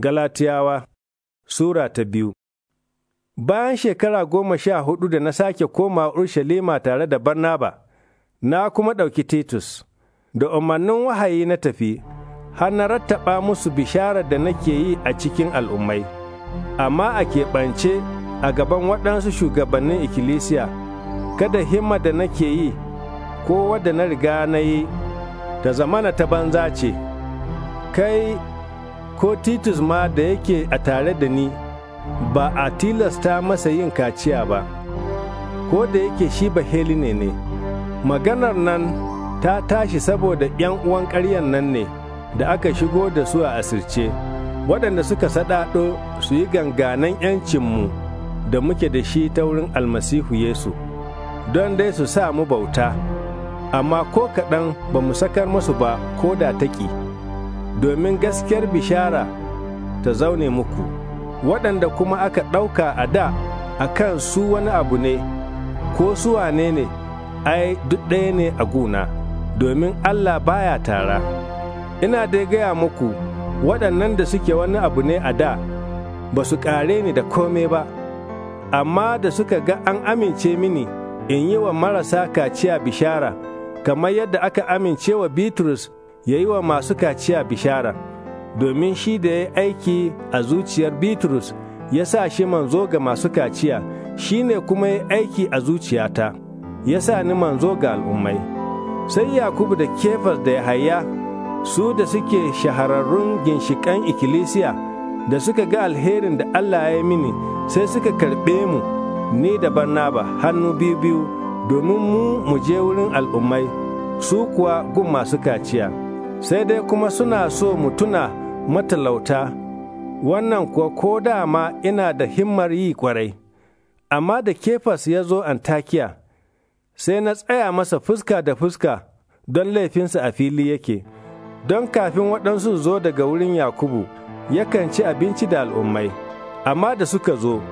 Galatiyawa Sura ta biyu Bayan shekara goma sha hudu da na sake koma Urshalima tare da Barnaba, na kuma ɗauki Titus, da umarnin wahayi na tafi, har na rattaba musu bishara da nake yi a cikin al'ummai, amma a keɓance a gaban waɗansu shugabannin ikkilisiya, kada himma da nake yi ko wadda na riga na yi, ta zamana ta banza ce, kai ko titus ma da yake a tare da ni ba a tilasta masa yin kaciya ba ko da yake shi ba heli ne maganar nan ta tashi saboda 'yan uwan ƙaryan nan ne da aka shigo da su a asirce waɗanda suka saɗaɗo su yi ganganan 'yancinmu da muke da shi ta wurin almasihu yesu don dai su sa mu bauta amma ko kaɗan ba mu sakar masu ba ko da taƙi. domin gaskiyar bishara ta zaune muku waɗanda kuma aka ɗauka a da a kan su wani abu ne ko su wane ne ai duk ɗaya ne a guna domin Allah baya tara ina dai gaya muku waɗannan da suke wani abu ne a da ba su ƙare ni da kome ba amma da suka ga an amince mini in yi wa marasa kaciya bishara kamar yadda aka amince wa Bitrus ya yi wa masu kaciya bishara, domin shi da ya aiki a zuciyar Bitrus ya sa shi manzo ga masu kaciya, shi ne kuma ya aiki a zuciyata, ya sa ni manzo ga al'ummai. Sai Yakubu da Kefas da Yahaya su da suke shahararrun ginshikan ikkilisiya da suka ga alherin da Allah ya yi mini sai suka karɓe mu ni da Barnaba hannu biyu biyu domin mu mu je wurin al'ummai su kuwa gun masu kaciya. sai dai kuma suna so mu tuna matalauta, wannan kuwa ko dama ina da himmar yi kwarai. Amma da Kefas ya zo Antakiya, sai na tsaya masa fuska da fuska don laifinsa a fili yake, don kafin waɗansu zo daga wurin Yakubu, yakan ci abinci da al'ummai, amma da suka zo,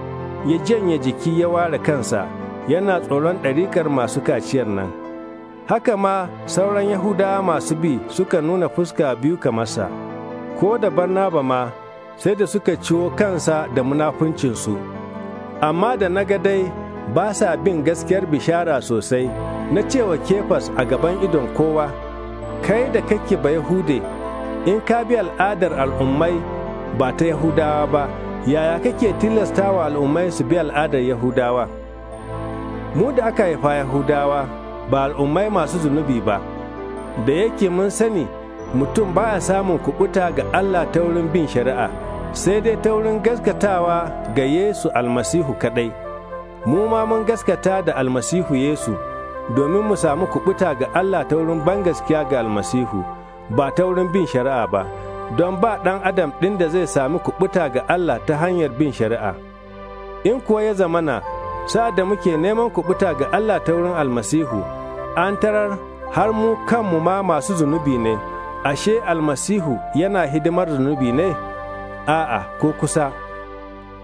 ya janye jiki ya ware kansa, yana tsoron ɗarikar masu kaciyar nan. haka ma sauran Yahudawa masu bi suka nuna fuska biyu kamarsa, ko da Barnaba ma sai da suka ciwo kansa da munafuncinsu. Amma da na dai ba sa bin gaskiyar bishara sosai na cewa kefas a gaban idon kowa, kai da kake ba Yahude, in ka bi al'adar al'ummai ba ta Yahudawa ba, yaya kake tilasta wa al'ummai su bi al'adar Yahudawa? Mu da aka haifa Yahudawa. ba al'ummai masu zunubi ba da yake mun sani mutum baya samun kuɓuta ga Allah ta wurin bin shari'a sai dai ta wurin gaskatawa ga Yesu almasihu kaɗai. mu ma mun gaskata da almasihu Yesu domin mu samu kuɓuta ga Allah ta wurin gaskiya ga almasihu ba ta wurin bin shari'a ba don ba ɗan adam ɗin da zai sami kuɓuta ga Allah ta hanyar bin shari'a in kuwa ya zamana sa'ad da muke neman kuɓuta ga Allah ta wurin almasihu an tarar har mu kanmu ma masu zunubi ne, ashe almasihu yana hidimar zunubi ne? A'a, ko kusa.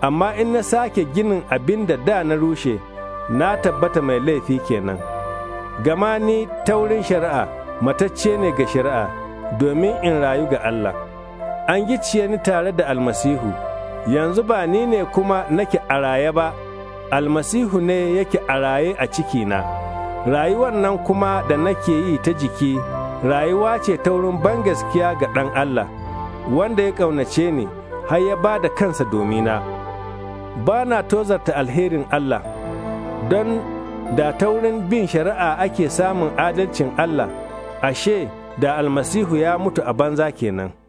Amma in na sake ginin abin da da na rushe, na tabbata mai laifi kenan. Gama ni taurin shari'a, matacce ne ga shari'a, domin in rayu ga Allah. An gicciye ni tare da almasihu, yanzu ba ni ne kuma nake a raye ba, almasihu ne yake a raye a cikina. rayuwar nan kuma da nake yi ta jiki rayuwa ce ta wurin ban gaskiya ga ɗan Allah, wanda ya ƙaunace ni har ya ba da kansa domina. Ba na tozarta alherin Allah, don da ta wurin bin shari'a ake samun adalcin Allah, ashe da almasihu ya mutu a banza kenan.